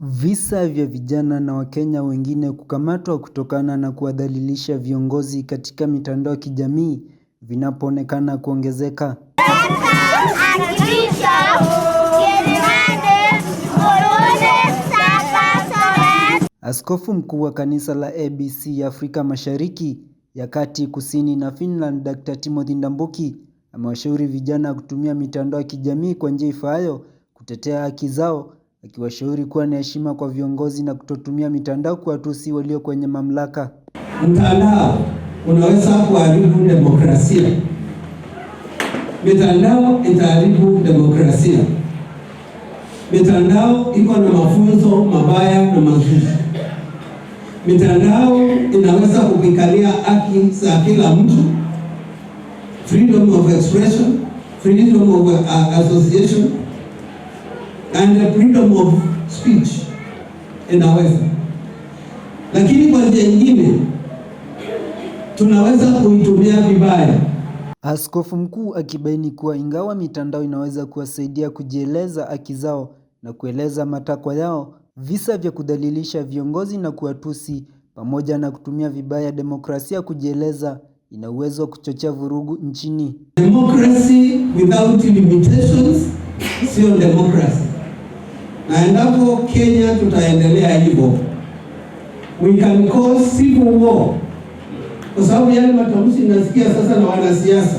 Visa vya vijana na wakenya wengine kukamatwa kutokana na kuwadhalilisha viongozi katika mitandao ya kijamii vinapoonekana kuongezeka. Askofu mkuu wa kanisa la ABC ya Afrika Mashariki ya Kati, Kusini na Finland, Dr. Timothy Ndambuki amewashauri vijana kutumia mitandao ya kijamii kwa njia ifaayo kutetea haki zao akiwashauri kuwa na heshima kwa viongozi na kutotumia mitandao kuwatusi walio kwenye mamlaka. Mtandao unaweza kuharibu demokrasia, mitandao itaharibu demokrasia. Mitandao iko na mafunzo mabaya na mazuri. Mitandao inaweza kupikalia haki za kila mtu, freedom of expression, freedom of uh, association and the freedom of speech inaweza, lakini kwa njia nyingine tunaweza kuitumia vibaya. Askofu mkuu akibaini kuwa ingawa mitandao inaweza kuwasaidia kujieleza haki zao na kueleza matakwa yao, visa vya kudhalilisha viongozi na kuwatusi pamoja na kutumia vibaya demokrasia kujieleza ina uwezo wa kuchochea vurugu nchini. Democracy without limitations sio democracy na endapo Kenya tutaendelea hivyo, we can call civil war, kwa sababu yale matamshi nasikia sasa na wanasiasa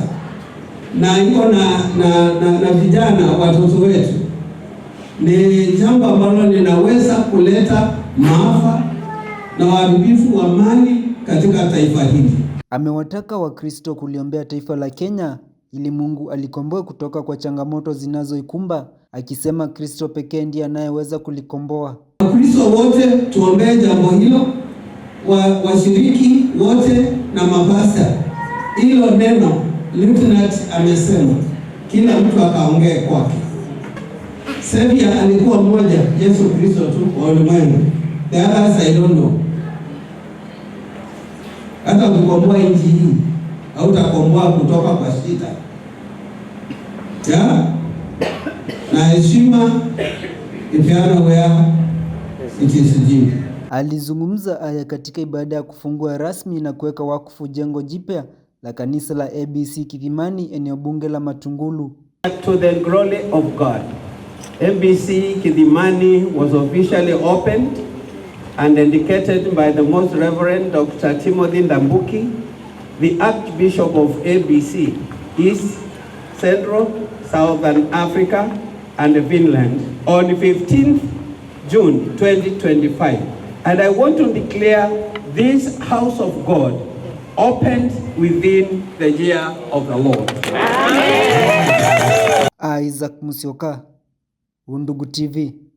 na iko na na, na na vijana watoto wetu, ni jambo ambalo linaweza kuleta maafa na uharibifu wa mali katika taifa hili. Amewataka Wakristo kuliombea taifa la Kenya ili Mungu alikomboe kutoka kwa changamoto zinazoikumba akisema Kristo pekee ndiye anayeweza kulikomboa. Wakristo wote tuombee jambo hilo, washiriki wote na mapasta. Hilo neno Lieutenant amesema kila mtu akaongee kwake. Sevia alikuwa mmoja, Yesu Kristo tu wa ulimwengu. The I don't know. Hata ukikomboa nchi hii hautakomboa kutoka kwa shida ya na heshima ipeana wea ikisijii. Alizungumza haya katika ibada ya kufungua rasmi na kuweka wakfu jengo jipya la kanisa la ABC Kidhimani, eneo bunge la Matungulu. To the glory of God. ABC Kidhimani was officially opened and dedicated by the most reverend Dr. Timothy Ndambuki The Archbishop of ABC is Central, Southern Africa, and Finland on 15th June 2025. And I want to declare this house of God opened within the year of the Lord. Amen. Isaac Musioka, Undugu TV.